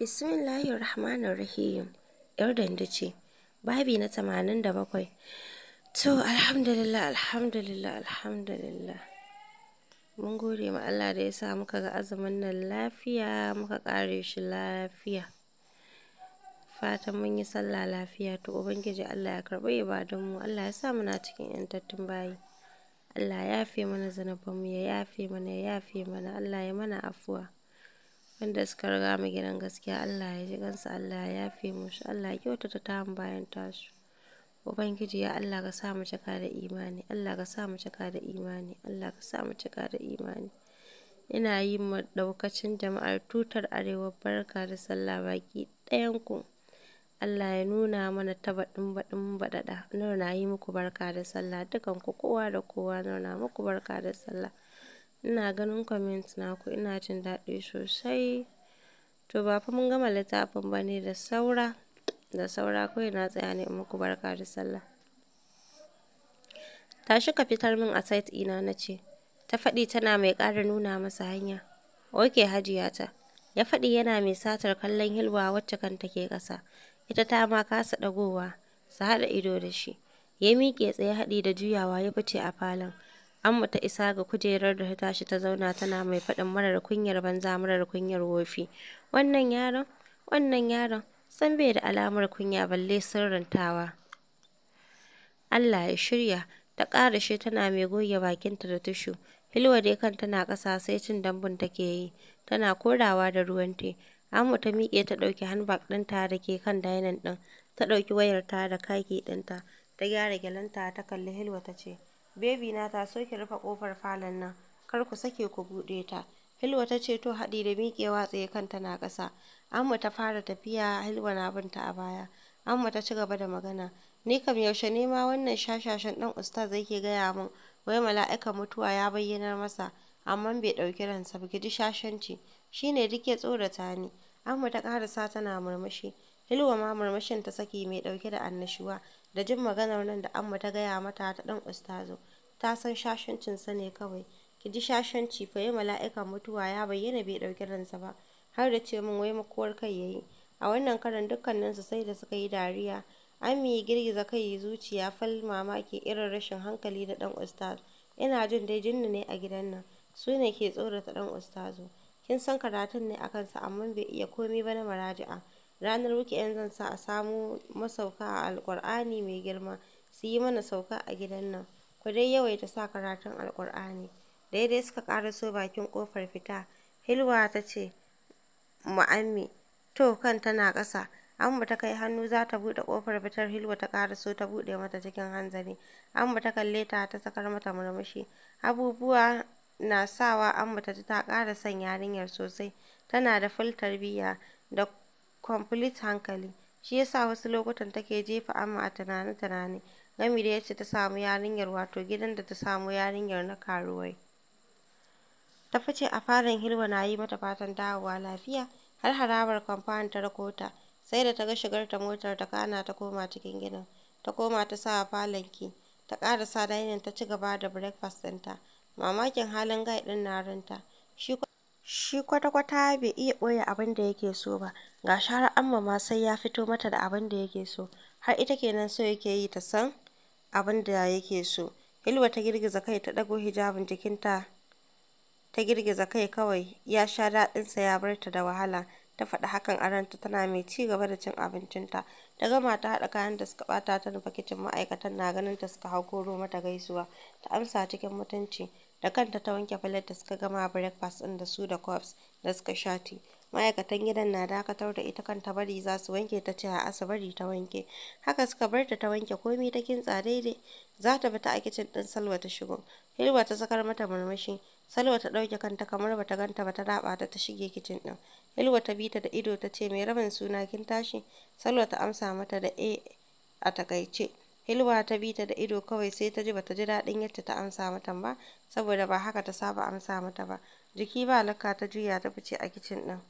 Bismillahir Rahmanir Rahim. ‘Yar da ce, babi na 87. To, alhamdulillah, alhamdulillah, alhamdulillah. Mun gode ma Allah da ya sa muka ga azumin nan lafiya, muka kare shi lafiya. Fatan mun yi sallah lafiya, to Ubangiji Allah ya ibadun mu Allah ya sa muna cikin ‘yantattun bayi. Allah ya yafe mana mu ya yafe mana, ya yafe mana, Allah ya mana afuwa. wanda suka riga mu gidan gaskiya Allah ya ji gansu Allah ya yafe musu Allah ya kyautata ta mu bayan tasu Ubangiji ya Allah ka sa mu cika da imani Allah ka sa mu cika da imani Allah ka sa mu cika da imani ina yi mu daukacin jama'ar tutar arewa barka da sallah baki ɗayan ku Allah ya nuna mana ta baɗin baɗin baɗaɗa. Nuna yi muku barka da sallah ku kowa da kowa nuna muku barka da sallah. Ina ganin na naku ina jin daɗi sosai. To ba fa mun gama littafin ba ne da saura, da saura ko na tsaya ne in muku barka da sallah. Tashi ka fitar min a site ina na ce, ta faɗi tana mai ƙara nuna masa hanya. Ok hajiya ta, ya faɗi yana mai satar kallon Hilwa wacce kanta ke ƙasa. Ita ta ma kasa ɗagowa, su haɗa ido da shi. Ya miƙe tsaye haɗi da juyawa ya fice a falon. Amma ta isa ga kujerar da ta tashi ta zauna tana mai faɗin marar kunyar banza marar kunyar wofi. Wannan yaron, wannan yaron, san bai da alamar kunya balle tawa. Allah ya shirya, ta ƙarashe tana mai goge bakinta da tushu. Hilwa dai kan tana ƙasa sai cin dambun take yi, tana korawa da ruwan te. Amma ta miƙe ta ɗauki handbag ɗinta da ke kan dainin ɗin, ta ɗauki wayarta da kaki ɗinta, ta gyara gyalanta ta kalli Hilwa ta ce, Baby na ta so rufe kofar falon nan, kar ku sake ku buɗe ta. Hilwa ta ce to haɗi da miƙewa tsaye kanta na ƙasa. Amma ta fara tafiya Hilwa na binta a baya. Amma ta ci gaba da magana. Ni kam yaushe ne ma wannan shashashan ɗan ustaz yake gaya min wai mala'ika mutuwa ya bayyana masa amma bai ɗauki ransa ba gidi shashanci shine duk ya tsorata ni. Amma ta sa tana murmushi. Hilwa ma murmushin ta saki mai ɗauke da annashuwa da jin maganar nan da Amma ta gaya mata ta ɗan ustazo. ta san shashancinsa ne kawai ki ji shashanci fa yi mala'ikan mutuwa ya bayyana bai ɗauki ransa ba har da ce min wai makuwar kai yayi a wannan karan dukkaninsu sai da suka yi dariya an yi girgiza kai zuciya fal mamaki irin rashin hankali da dan ustaz ina jin dai jinni ne a gidan nan su ne ke tsorata dan ustazu kin san karatun ne a kansa amma bai iya komi ba na maraji'a ranar wuki yan zan sa a samu masauka a alkur'ani mai girma su yi mana sauka a gidan nan ku dai yawaita sa karatun alƙur'ani daidai suka so bakin kofar fita hilwa ta ce ma'ammi to kan tana ƙasa amma ta kai hannu za ta buɗe ƙofar fitar hilwa ta so ta buɗe mata cikin hanzari amma ta kalle ta ta sakar mata murmushi abubuwa na sawa amma ta ji ta ƙara son yarinyar sosai tana da full tarbiyya da complete hankali shi yasa wasu lokutan take jefa amma a tunani tunane Lami da yace ta samu yarinyar wato gidan da ta samu yarinyar na karuwai. Ta fice a farin Hilwa na yi mata fatan dawowa lafiya har harabar kamfanin ta rakota sai da ta ga shigar ta motar ta kana ta koma cikin gidan ta koma ta sa falon ki ta ƙara sa dainin ta ci gaba da breakfast ɗinta mamakin halin gai ɗin na ranta shi shi kwata-kwata bai iya ɓoye abin da yake so ba ga shara amma ma sai ya fito mata da abin da yake so har ita kenan so yake yi ta san abin da yake so Hilwa ta girgiza kai ta ɗago hijabin jikinta ta girgiza kai kawai ya sha daɗinsa ya bar ta da wahala ta faɗi hakan a ranta tana mai ci gaba da cin abincinta ta gama ta haɗa kayan da suka ɓata ta nufa kicin ma'aikatan na ganin ta suka hau koro mata gaisuwa ta amsa cikin mutunci da kanta ta wanke filet da suka gama breakfast ɗin da su da cups da suka sha tea ma'aikatan gidan na dakatar da ita kanta bari za su wanke ta ce a asibari ta wanke haka suka bar ta ta wanke komai ta kintsa daidai za ta fita a kicin din salwa ta shigo hilwa ta sakar mata murmushi salwa ta dauke kanta kamar bata ganta ba ta daba ta shige kicin din hilwa ta bi ta da ido ta ce mai rabin suna kin tashi salwa ta amsa mata da e a takaice Hilwa ta bi ta da ido kawai sai ta ji bata ji dadin yadda ta amsa mata ba saboda ba haka ta saba amsa mata ba. Jiki ba lakka ta juya ta fice a kicin din.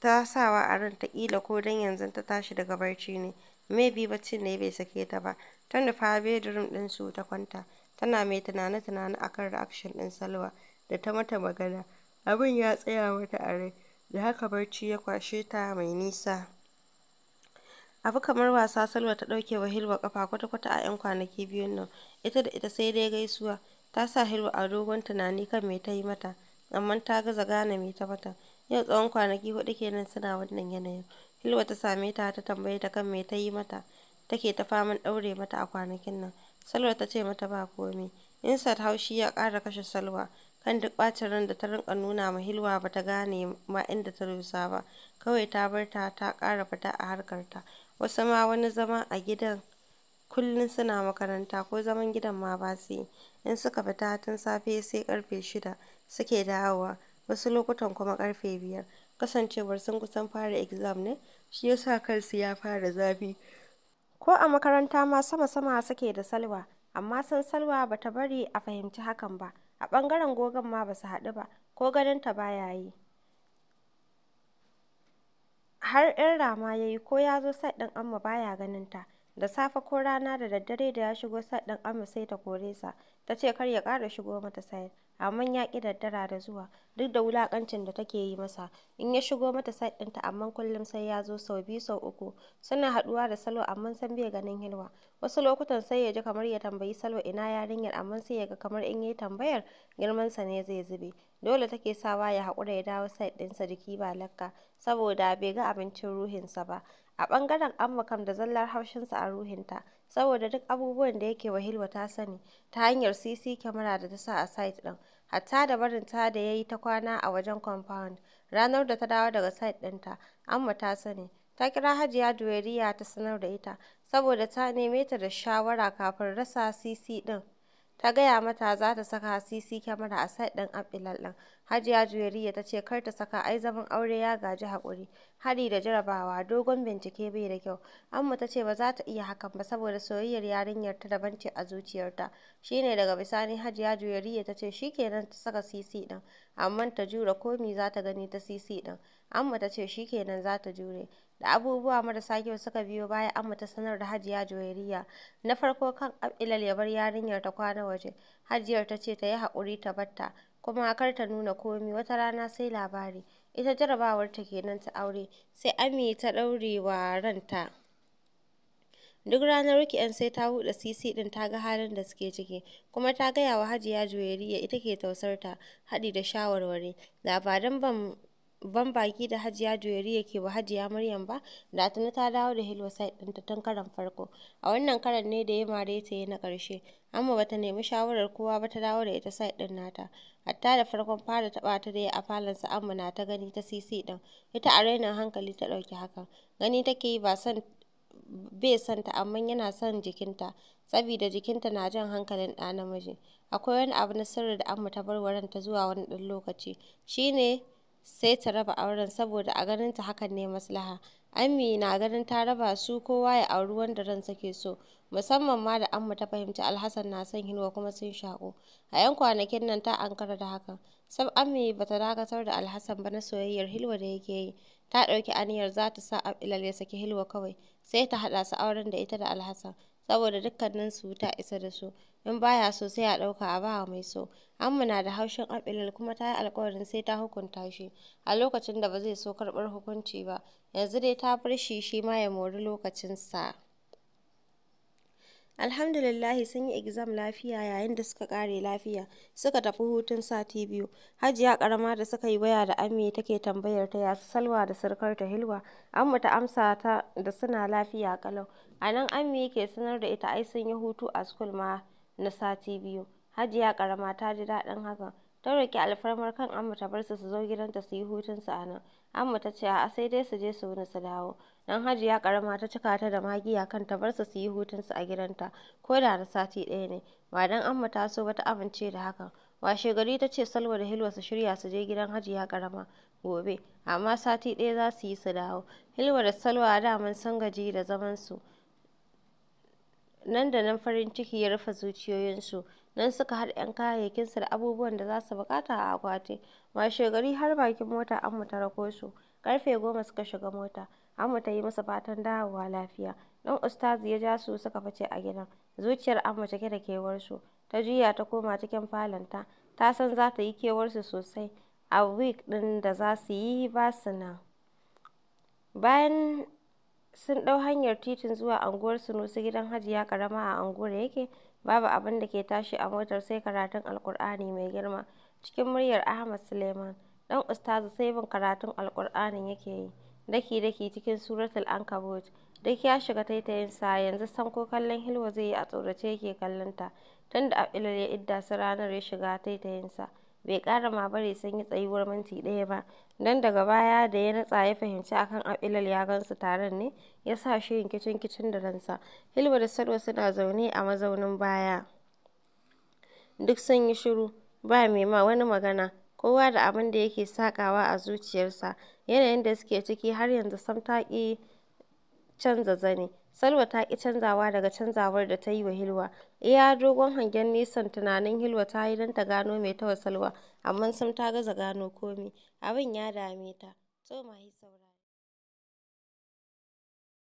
ta sawa a ran ta ƙila ko don yanzu ta tashi daga barci ne maybe baccin ne bai sake ta ba ta nufa bedroom ɗin su ta kwanta tana mai tunani tunani akan reaction ɗin Salwa da ta mata magana abin ya tsaya mata a rai da haka barci ya kwashe ta mai nisa abu kamar wasa Salwa ta ɗauke wa Hilwa kafa kwata-kwata a 'yan kwanaki biyun nan ita da ita sai dai gaisuwa ta sa Hilwa a dogon tunani kan me ta yi mata amma ta gaza gane me ta mata Yau tsawon kwanaki hudu kenan suna wannan yanayin. Hilwa ta same ta ta tambaye ta kan me ta yi mata take ta faman daure mata a kwanakin nan. Salwa ta ce mata ba komai. insert haushi ya kara kashe Salwa kan duk bacin ran da ta rinka nuna ma Hilwa ba ta gane ma inda ta rusa ba. Kawai ta bar ta ta kara fita a harkar ta Wasu ma wani zama a gidan kullum suna makaranta ko zaman gidan ma ba su yi. In suka fita tun safe sai karfe shida suke dawowa. wasu lokutan kuma karfe biyar Kasancewar sun kusan fara exam ne, shi ya sa kansu ya fara zafi. Ko a makaranta ma sama-sama suke da Salwa, amma san Salwa ba ta bari a fahimci hakan ba. A bangaren gogon ma ba su haɗu ba, ko ganin ta baya yi. Har in rama ya yi ko ya zo sai ɗin amma baya ganin ganinta. Da safe ko rana da daddare da ya shigo sai ɗin amma sai ta kore sa, ta ce kar ya kara shigo mata sayar. amma ya ƙi daddara da zuwa duk da wulaƙancin da take yi masa in ya shigo mata site ɗinta amma kullum sai ya zo sau biyu sau uku suna haɗuwa da salo amma san bai ganin hilwa wasu lokutan sai ya ji kamar ya tambayi salo ina yarinyar amma sai ya ga kamar in yi tambayar girmansa ne zai zube dole take sawa ya haƙura ya dawo site ɗinsa jiki ba lakka saboda bai ga abincin ruhinsa ba A ɓangaren Amma da zallar haushinsa a ruhinta, saboda duk abubuwan da yake wahilwa ta sani, ta hanyar CC kyamara da ta sa a site ɗin, hatta da barin ta da ya yi ta kwana a wajen compound, ranar da ta dawo daga site ɗinta, Amma ta sani. Ta kira Hajiya duweriya ta sanar da ita, saboda ta neme ta da shawara kafin rasa CC ɗin. ta gaya mata za ta saka sisi kyamara a site ɗin Apilal ɗin. Hajiya juyariya ta ce kar ta saka ai zaman aure ya gaji haƙuri, hari da jarabawa, dogon bincike bai da kyau. Amma ta ce ba za ta iya hakan ba saboda soyayyar yarinyar ta daban ce a zuciyarta. Shine daga bisani Hajiya juyariya ta ce shikenan ta saka sisi ɗin, amma ta jura komi za ta gani ta sisi ɗin. Amma ta ce shi kenan za ta jure. Da abubuwa marasa kyau suka biyo baya Amma ta sanar da Hajiya joyariya Na farko kan Abilal ya bar yarinyar ta kwana waje. Hajiyar ta ce ta yi haƙuri ta batta kuma kar ta nuna komi wata rana sai labari. Ita jarabawar ta kenan ta aure sai Ami ta ɗaure wa ranta. Duk ranar yan sai ta buɗe sisi ɗin ta ga halin da suke ciki, kuma ta gaya wa Hajiya joyariya ita ke tausarta, haɗi da shawarwari. Labaran ban ban baki da Hajiya ya ke wa Hajiya Maryam ba, da tuni ta dawo da site ɗinta tun karan farko. A wannan karan ne da ya mare ta yi na ƙarshe, amma bata nemi shawarar kowa ba ta dawo da ita site ɗin nata. Hatta da farkon fara taɓa ta da ya a falonsa amma na ta gani ta cc ɗin, ita a rainin hankali ta ɗauki hakan. Gani take yi ba son bai son ta amma yana son jikinta saboda jikinta na jan hankalin ɗa namiji akwai wani abu na sirri da amma ta bar wa ranta zuwa wani ɗan lokaci shine sai ta raba auren saboda a ganin ta hakan ne maslaha. amina na ganin ta raba su kowa ya auri wanda ransa ke so, musamman ma da Amma ta fahimci Alhassan na son Hinwa kuma sun shaƙo A 'yan kwanakin nan ta ankara da hakan, sab ami ba ta dakatar da Alhassan ba na soyayyar Hilwa da yake yi, ta ɗauki aniyar za ta sa Abilal ya saki Hilwa kawai, sai ta haɗa su auren da ita da Alhassan, saboda dukkaninsu ta isa da su. in baya ya so sai a ɗauka a ba mai so amma na da haushin abilal kuma ta yi alkawarin sai ta hukunta shi a lokacin da ba zai so karɓar hukunci ba yanzu dai ta bar shi shi ma ya mori lokacinsa Alhamdulillahi sun yi exam lafiya yayin da suka kare lafiya suka tafi hutun sati biyu Hajiya karama da suka yi waya da Ami take tambayar ta yasu Salwa da surkar ta Hilwa Amma ta amsa ta da suna lafiya kalau nan Ami ke sanar da ita ai sun yi hutu a school ma na sati biyu. Hajiya ƙarama ta ji daɗin hakan. Ta roƙi alfarmar kan Amma ta bar su su zo gidanta su yi hutunsu a nan. Amma ta ce a'a sai dai su je su wuni su dawo. Don Hajiya ƙarama ta cika ta da magiya kan ta bar su su yi hutunsu a gidanta ko da na sati ɗaya ne. Ba don Amma ta so ba ta amince da hakan. Washe gari ta ce Salwa da Hilwa su shirya su je gidan Hajiya ƙarama gobe, amma sati ɗaya za su yi su dawo. Hilwa da Salwa da mun san gaji da zaman su. nan da nan farin ciki ya rufe zuciyoyinsu nan suka haɗa 'yan kayayyakin kayayyakinsu da abubuwan da za su buƙata a akwati gari har bakin mota an ta rako su karfe goma suka shiga mota an ta yi masa fatan dawowa lafiya dan ustazi ya ja su suka fice a gidan zuciyar amma cike da kewarsu ta juya ta koma cikin falonta ta san za ta yi kewarsu sosai a week ɗin da za su yi ba su nan bayan Sun ɗau hanyar titin zuwa unguwar Sanusi gidan Hajiya karama a unguwar yake, babu abin da ke tashi a motar sai karatun Alkur'ani mai girma cikin muryar Ahmad Suleiman, ɗan ustazu sai bin karatun Alkur'anin yake yi, daki-daki cikin suratul Ankabut. Duk ya shiga taitayinsa, yanzu san ko kallon Hilwa zai yi a tsorace yake kallon ta, tunda Abdullahi ya idda su ranar ya shiga taitayinsa. bai ƙara ma bari sun yi tsayuwar minti ɗaya ba, don daga baya da ya natsa ya fahimci akan abilal ya gansu taron ne ya sa shi yin kicin-kicin da ransa. Hilma da Salwa suna zaune a mazaunin baya. Duk sun yi shiru, ba mai ma wani magana, kowa da abin da yake sakawa a zuciyarsa. Yanayin da suke ciki har yanzu sam ta ƙi canza zane. Salwa ta ƙi canzawa daga canzawar da ta yi wa Hilwa. Iya dogon hangen nesan tunanin Hilwa ta yi don ta gano mai ta Salwa, amma sam ta gaza gano komai. Abin ya dame ta. To ma yi